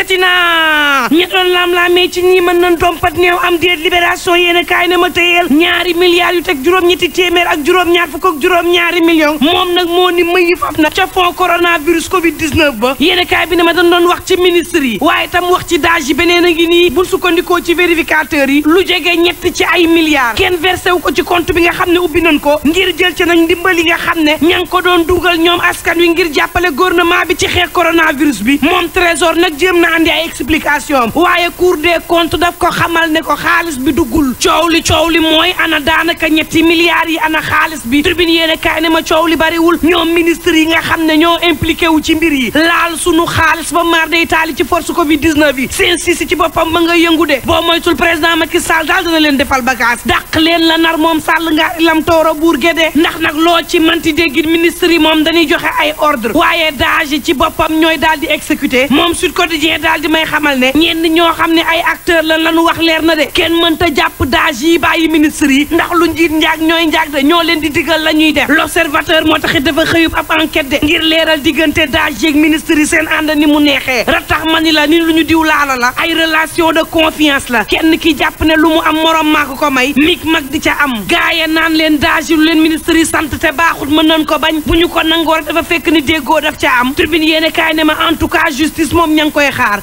yëkkati naa ñi doon laam-laamee ci ñi mën nañ dompat néew am déet libération yéen a kaay na ma tëyeel ñaari milliards yu teg juróom-ñetti téeméer ak juróom-ñaar fukk ak juróom-ñaari millions moom nag moo ni mëyi fab na ca fond coronavirus covid 19 ba yéen a kaay bi ne ma dañ doon wax ci ministre yi waaye tam wax ci daaj yi beneen a ngi nii buñ sukkandikoo ci vérificateur yi lu jege ñett ci ay milliards kenn versé wu ko ci compte bi nga xam ne ubbi nañ ko ngir jël ci nañ ndimbal yi nga xam ne ña ngi ko doon dugal ñoom askan wi ngir jàppale gouvernement bi ci xeex coronavirus bi moom trésor nag jéem na andi explication boppam waaye cour des comptes daf ko xamal ne ko xaalis bi duggul coow li coow li mooy ana daanaka ñetti milliards yi ana xaalis bi tribune yéen a kaay ne ma coow li bariwul ñoom ministre yi nga xam ne ñoo impliqué wu ci mbir yi laal suñu xaalis ba maar day taali ci force covid 19 yi seen siisi ci boppam ba nga yëngu de boo moytul président Macky Sall daal na leen defal bagage dàq leen la nar moom Sall nga lam a buur gédee ndax nag loo ci manti déggit ministre yi moom dañuy joxe ay ordre waaye daage ci boppam ñooy daal di exécuté moom Sud Quotidien daal may xamal ñenn ñoo xam ne ay acteur la lañu wax leer na de kenn mënta jàpp daaj yi bàyyi ministre yi ndax lu njiit njaag ñooy njaag de ñoo leen di digal la ñuy def l'observateur moo taxit dafa xëyub ab enquête de ngir leeral diggante daaj yeeg ministre yi seen ànd ni mu neexee ratax ma ni la ni lu ñu diw laala la ay relation de confiance la kenn ki jàpp ne lu mu am morom maa ko ko may mig mag di ca am gaaya naan leen daaj lu leen ministre yi sant te baaxut mën nañ ko bañ bu ñu ko nangoo rek dafa fekk ni déggoo daf ca am tribune yéene kaay ne en tout cas ña ngi koy xaar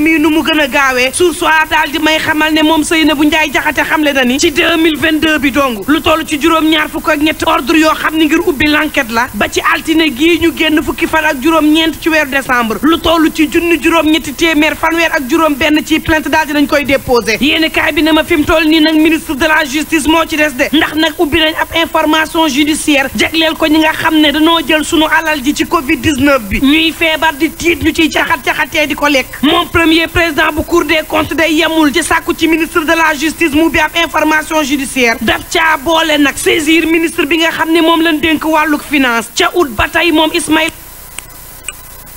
mbir mi nu mu gën a gaawee suur soit daal di may xamal ne moom Seynabou Ndiaye Diakhaté xamle na ni ci 2022 bi dong lu toll ci juróom-ñaar fukk ak ñetti ordre yoo xam ni ngir ubbi l'enquête la ba ci altine gii ñu génn fukki fan ak juróom-ñeent ci weer décembre lu toll ci junni juróom-ñetti téeméer fanweer ak juróom benn ci plainte daal dinañ koy déposé yéeni kaay bi ne ma fi mu toll nii nag ministre de la justice moo ci des de ndax nag ubbi nañ ab information judiciaire jagleel ko ñi nga xam ne dañoo jël sunu alal ji ci covid 19 bi ñuy feebar di tiit ñu ciy caxat-caxatee di ko lekk premier président bu cour des comptes day yemul ci sàkku ci ministre de la justice mu bi ab information judiciaire daf a boole nag saisir ministre bi nga xam ne moom lañ dénk wàlluk finance ca ut ba tey moom Ismaïla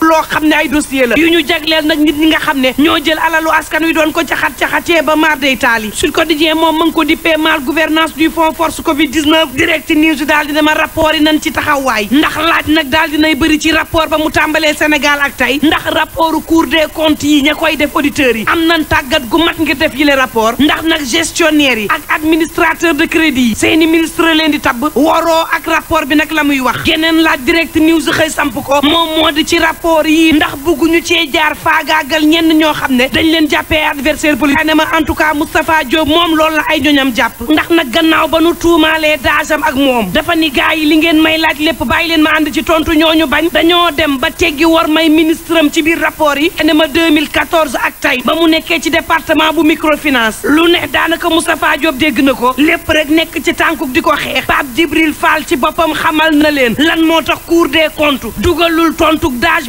loo xam ne ay dossier la yu ñu jagleel nag nit ñi nga xam ne ñoo jël alalu askan wi doon ko caxat-caxatee ba maar day taali Sud Quotidien moom ma ngi ko dippee mal gouvernance du fonds force covid 19 direct news daal di dama rapport yi nañ ci taxawaay ndax laaj nag daal dinay bëri ci rapport ba mu tàmbalee Sénégal ak tey ndax rapportu Cour de comptes yi ña koy def auditeurs yi am nañ tàggat gu mat ngir def yile rapport ndax nag gestionnaire yi ak administrateur de crédit yi seeni ministre leen di tabb waroo ak rapport bi nag la muy wax geneen laaj direct news xëy samp ko moom moo di ci rapport rapport yi ndax bëgguñu cee jaar faagaagal ñenn ñoo xam ne dañ leen jàppee adversaire politique ma en tout cas Moustapha Diop moom loolu la ay ñoñam jàpp ndax nag gannaaw ba nu tuumaalee daajam ak moom dafa ni gars yi li ngeen may laaj lépp bàyyi leen ma ànd ci tontu ñooñu bañ dañoo dem ba teggi war may ministre am ci biir rapport yi ne ma 2014 ak tey ba mu nekkee ci département bu microfinance lu ne daanaka Moustapha Diop dégg na ko lépp rek nekk ci tànkuk di ko xeex Pape Djibril Fall ci boppam xamal na leen lan moo tax cour des comptes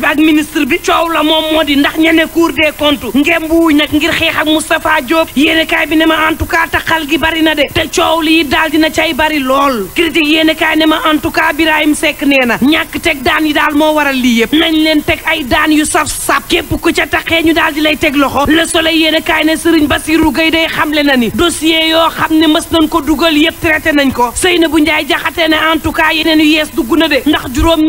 bi ak ministre bi coow la moom moo di ndax ñene cour des comptes ngémb wuñ nag ngir xeex ak Moustapha Diop yéene bi ne ma en taxal gi bari na de te coow lii daal dina cay bari lool critique yéene kaay ne ma en tout cas nee na ñàkk teg daan yi daal moo waral lii yëpp nañ leen teg ay daan yu saf sap képp ku ca taxee ñu daal lay teg loxo le soleil yéene kaay ne Serigne Bassirou Gueye day xamle na ni dossier yoo xam ne mës nañ ko dugal yëpp traité nañ ko Seynabou na de ndax juróom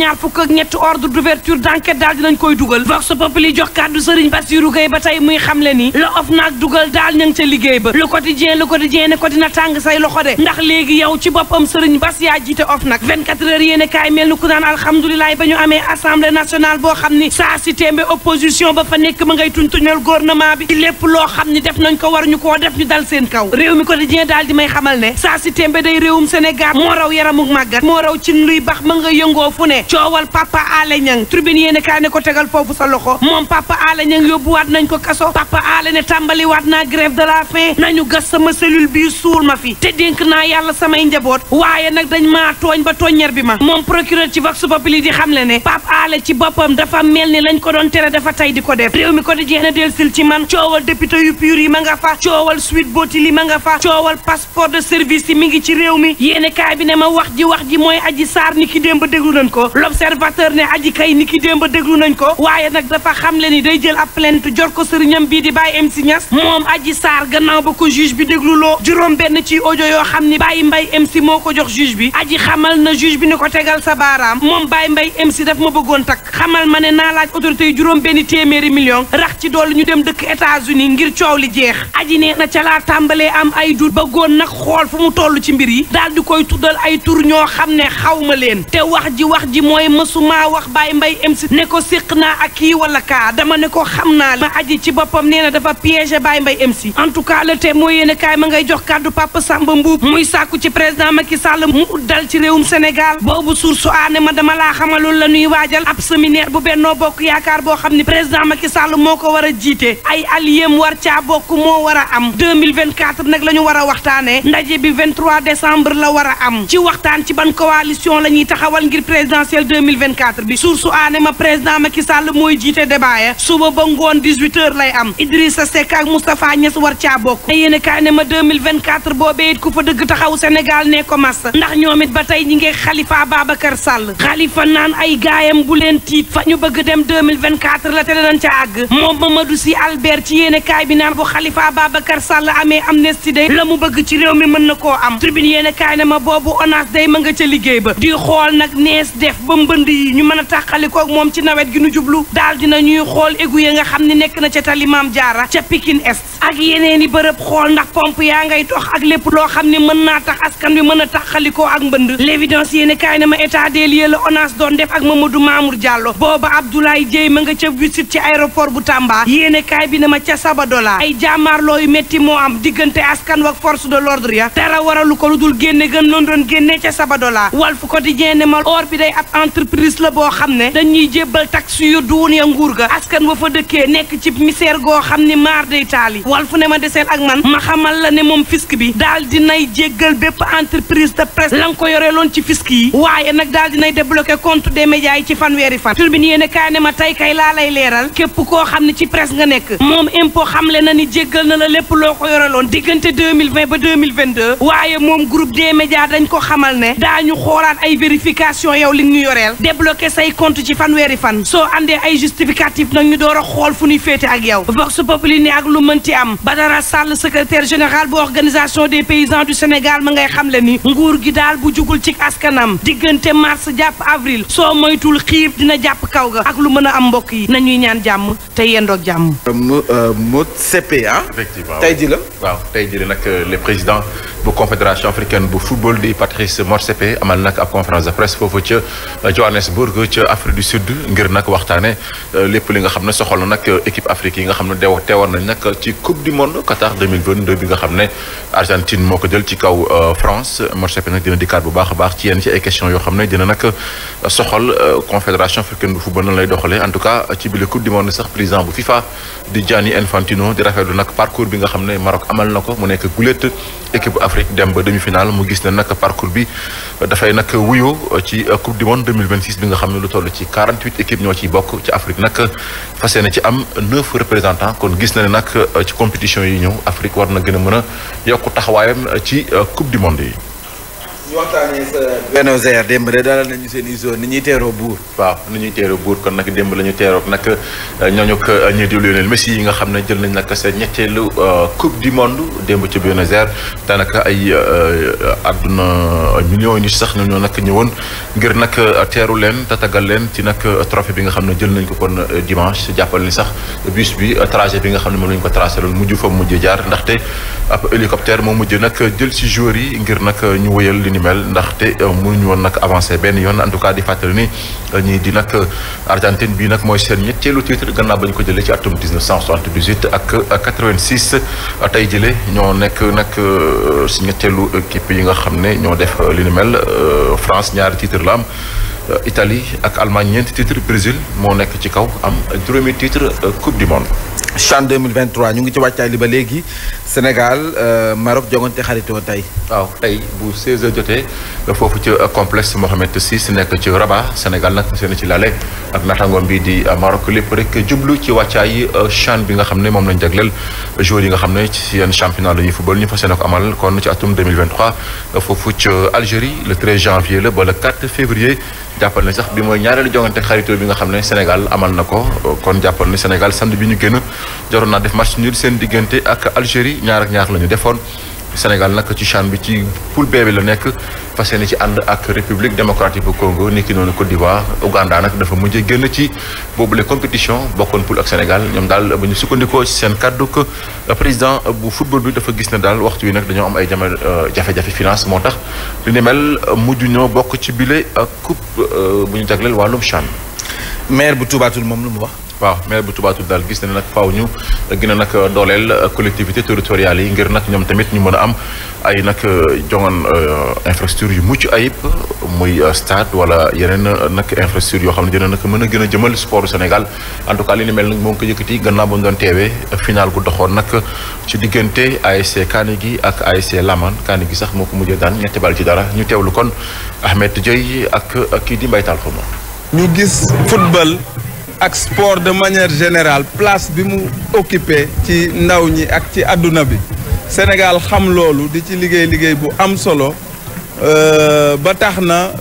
daal dinañ koy dugal vox populi jox kàddu sëriñ Bassirou Gueye ba tey muy xamle ni la OFNAC dugal daal ña ngi ca liggéey ba le ko le quotidien ne ko dina tàng say loxo de ndax léegi yow ci boppam sëriñ Bass yaa jiite OFNAC 24 heures yéene kaay mel ni ku naan alhamdulilah ba ñu amee assemblée nationale boo xam ni saa si tembe opposition ba fa nekk ma ngay tuntuñal gouvernement bi lépp loo xam ni def nañ ko war ñu koo def ñu dal seen kaw réew mi quotidien daal di may xamal ne saa si tembe day réewum Sénégal moo raw yaramuk moo raw ci luy bax ma nga yëngoo fu ne coowal papa Ndiaye ne ko tegal foofu sa loxo moom papa aala ña ngi yóbbuwaat nañ ko kaso papa aala ne tàmbaliwaat naa grève de la faim nañu gas sama cellule bii suul ma fi te dénk naa yàlla samay njaboot waaye nag dañ ma tooñ ba tooññer bi ma moom procureur ci vox populi di xam le ne papa aala ci boppam dafa mel ni lañ ko doon tere dafa tey di ko def réew mi ko di jeex na delsil ci man coowal député yu pur yi ma nga fa coowal suite booti li ma nga fa coowal passeport de service yi mi ngi ci réew mi yéene wax ji wax ji mooy aji saar ni ki démb déglu ko l'observateur ne tudd nañ ko waaye nag dafa xam le ni day jël ab plainte jor ko sëriñam bii di Baye MC Niass moom Adji saar gannaaw ba ko juge bi dégluloo juróom benn ci audio yoo xam ni Baye Mbaye MC moo ko jox juge bi Adji xamal na juge bi ni ko tegal sa baaraam moom Baye Mbaye MC daf ma bëggoon takk xamal ma ne naa laaj autorité yi juróom benn téeméeri million rax ci dool ñu dem dëkk États-Unis ngir coow li jeex aji nee na ca laa tàmbalee am ay dut bëggoon nag xool fu mu toll ci mbir yi daal di koy tuddal ay tur ñoo xam ne xaw ma leen te wax ji wax ji mooy mësumaa wax Baye Mbaye ko séq na ak kii wala kaa dama ne ko xam naa ma aji ci boppam nee na dafa piégé Baye Mbaye MC en tout cas le te mooy yéen kaay ma ngay jox kàddu Papa Samba Mboup muy sàkku ci président Macky Sall mu dal ci réewum Sénégal boobu source aane ma dama laa xamalul la nuy waajal ab séminaire bu bennoo bokk yaakaar boo xam ni président Macky Sall moo ko war a jiite ay alliéem war caa bokk moo war a am 2024 nag la ñu war a waxtaanee ndaje bi 23 décembre la war a am ci waxtaan ci ban coalition la ñuy taxawal ngir présidentielle 2024 bi source aane ma président Macky Sall mooy jiite débat ya suba ba ngoon 18h lay am Idrissa Seck ak Moustapha Niass war caa a kaay ba tey ñi ngi Khalifa Babacar bu leen tiit fa ñu bëgg dem 2024 la te danañ a kaay bi naan bu Khalifa Babacar Sall amee amnistie day la mu bëgg ci réew mi mën na koo am tribune yéen a kaay ne ma boobu ONAS day ma nga ca liggéey ba di xool nag nees def ba mbënd yi ñu mën a tàqali moom ci nawet nawet gi nu jublu daal dina ñuy xool égout ya nga xam ne nekk na ca tali Maam Jaara ca Pikine Est ak yeneen i bërëb xool ndax pompe yaa ngay dox ak lépp loo xam ne mën naa tax askan bi mën a taxalikoo ak mbënd l'évidence yéen kaay na ma état des lieux la ONAS doon def ak Mamadou Mamour Diallo booba Abdoulaye Dieye ma nga ca visite ci aéroport bu Tamba yéen kaay bi na ma ca Sabadola ay jàmmaarloo yu métti moo am diggante askan wak force de l'ordre ya dara waralu ko lu dul génne gën loon doon génne ca Sabadola Walf Quotidien ne ma la boo xam yokkal taxe yu duun ya nguur ga askan wa fa dëkkee nekk ci misère goo xam ni maar day taali wal fu ne ma deseel ak man ma xamal la ne moom fisc bi daal di nay jéggal bépp entreprise de presse la nga ko yoree loon ci fisc yi waaye nag daal di nay débloqué compte des médias yi ci fanweeri fan turbine yéene kaay ne ma tey kay laa lay leeral képp koo xam ne ci presse nga nekk moom impôt le na ni jéggal na la lépp loo ko yore loon diggante 2020 ba 2022 waaye moom groupe des médias dañ ko xamal ne daañu xoolaat ay yow li ñu yoreel débloqué say compte ci fanweeri fan fan soo indee ay justificatif nag ñu door a xool fu ñuy féete ak yow vox populi ne ak lu mënti am ba dara sàll secretaire général bu organisation des paysans du Sénégal ma ngay xam le ni nguur gi daal bu jugul ci askanam diggante mars jàpp avril soo moytul xiif dina jàpp kaw ga ak lu mën a am mbokk yi nañuy ñaan jàmm te yendoog jàmm. Euh, mot CPA. Euh, ah? effectivement tey ji la waaw tey ji la le euh, les présidents. bu confédération africaine bu football di Patrice Motsepe amal nag ab conférence de presse foofu ca euh, Johannesburg ca Afrique du Sud ngir nag waxtaane euh, lépp li nga xam ne soxal na nag équipe Afrique yi nga xam ne dew teewoon nañ nag ci coupe du monde Qatar 2022 bi nga xam ne Argentine moo ko jël ci kaw euh, France Motsepe nag dina dikkaat bu baax a baax ci yenn ci ay questions yoo xam ne dina nag soxal confédération africaine bu football nan lay doxalee en tout cas ci bile d'Afrique dem ba demi-finale mu gis ne nag parcours bi dafay nag wuyoo ci coupe du monde 2026 bi nga xam ne lu toll ci 48 équipes ñoo ciy bokk ci Afrique nag fas na ci am neuf représentants kon gis na ne nag ci compétition yi ñëw Afrique war na gën a mën a yokk taxawaayam ci coupe du monde yi. ñu waxtaanee sa Buenos Aires démb de dalal nañu seen i ni ñuy teeroo buur. waaw ni ñuy teeroo buur kon nag démb la ñu teeroo nag euh, ñooñu ak euh, ñi di Lionel Messi yi nga xam ne jël nañ nag sa ñetteelu euh, coupe du monde démb ci Buenos Aires daanaka ay àdduna millions yi sax ñoo nag ñëwoon ngir nag teeru leen tatagal leen ci nag trophée bi nga xam ne jël nañ ko kon dimanche jàppal ni sax bus bi trajet bi nga xam ne moom la ko tracé loolu mujj fa mujj jaar ndaxte ab hélicoptère moo mujj nag jël si joueurs yi ngir nag ñu wëyal ni mel ndaxte euh, mënuñu woon nag avancé benn yoon en tout cas di fàttali ni euh, ñii di nag euh, Argentine bi nag mooy seen ñetteelu titre gannaaw ba ñu ko jëlee ci atum 1978 ak a tey jële ñoo nekk nag si ñetteelu équipe yi nga xam ne ñoo def li ni mel France ñaari titre la am Italie ak Allemagne ñeenti titre Brésil moo nekk ci kaw am juróomi titre Coupe du Monde CHAN 2023 ñu ngi ci wàccaay li ba léegi Sénégal euh, Maroc jongante xaritoo tey. waaw tey bu 16h jotee euh, foofu ci euh, complexe Mohamed VI nekk ci Rabat Sénégal nag seen ci laale ak naataangoom bi di Maroc lépp rek jublu ci wàccaay CHAN bi nga xam ne moom lañ jagleel joueurs yi nga xam ne ci yenn championnat la ñuy football ñu fas yéene ko amal kon ci atum 2023 foofu ci Algérie le 13 janvier la ba le 4 février. jàppale ne sax bi mooy ñaareelu jongante xaritoo bi nga xam ne Sénégal amal na ko kon jàppal ne Sénégal samedi bi ñu gën a joroon naa def match nul seen diggante ak Algérie ñaar ñaar la ñu defoon Sénégal nag ci CHAN bi ci poule B bi la nekk fas yéene ci ànd ak République démocratique bu Congo ni ki noonu Côte d'Ivoire Ouganda nag dafa mujje génn ci boobule compétition bokkoon poul ak Sénégal ñoom daal bu ñu sukkandikoo ci seen kàddu président bu football bi dafa gis ne daal waxtu wi nag dañoo am ay jamono euh, jafe-jafe finance moo tax li ne mel mujj ñoo bokk ci bile ak coupe euh, bu ñu jagleel wàllum CHAN. maire bu Touba moom lu mu wax. waaw maire bu Touba Toul daal gis na nag faaw ñu gën a nag dooleel euh, collectivité territoriales yi ngir nag ñoom tamit ñu mën a am ay nag euh, jongoon euh, infrastructure yu mucc ayib muy stade wala yeneen nak infrastructure yoo xam ne dina nag mën a gën a jëmal sport du Sénégal en tout cas li ni mel nag moo ngi ko yëkkati gannaaw ba mu doon teewee final gu doxoon nag ci diggante ASC gi ak ASC Laman Kanigi sax moo ko mujjee daan ñetti bal ci dara ñu teewlu kon Ahmed Dieye ak kii di Mbaye Tall ak sport de manière générale place bi mu occupé ci ndaw ñi ak ci àdduna bi Sénégal xam loolu di ci liggéey liggéey bu am solo euh, ba tax na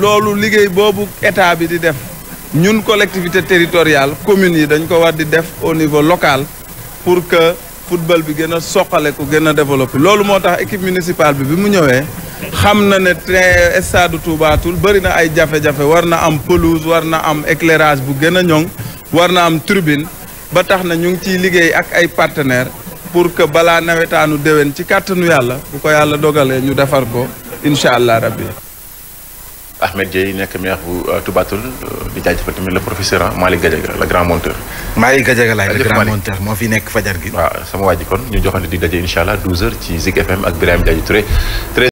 loolu liggéey boobu état bi di def ñun collectivité territoriale communes yi dañ ko war di def au niveau local pour que football bi gën a soqale ku gën a développé loolu moo tax équipe municipale bi bi mu ñëwee xam na ne train stade Touba bëri na ay jafe-jafe war na am pelouse war na am éclairage bu gën a ñoŋ war na am turbine ba tax na ñu ngi ciy liggéey ak ay partenaires pour que balaa nawetaanu déwén ci kàttanu yàlla bu ko yàlla dogalee ñu defar ko incha allah rabbi. Ahmed Dieye nekk maire bu euh, Touba Toul euh, di jaajëfal tamit le professeur ah Malick Gadiaga le grand monteur. Malick Gadiaga laay le grand monteur moo fi nekk fajar gi. waaw sama waa kon ñu joxante di daje incha allah 12 ci Zik FM ak Birame Diagne Touré.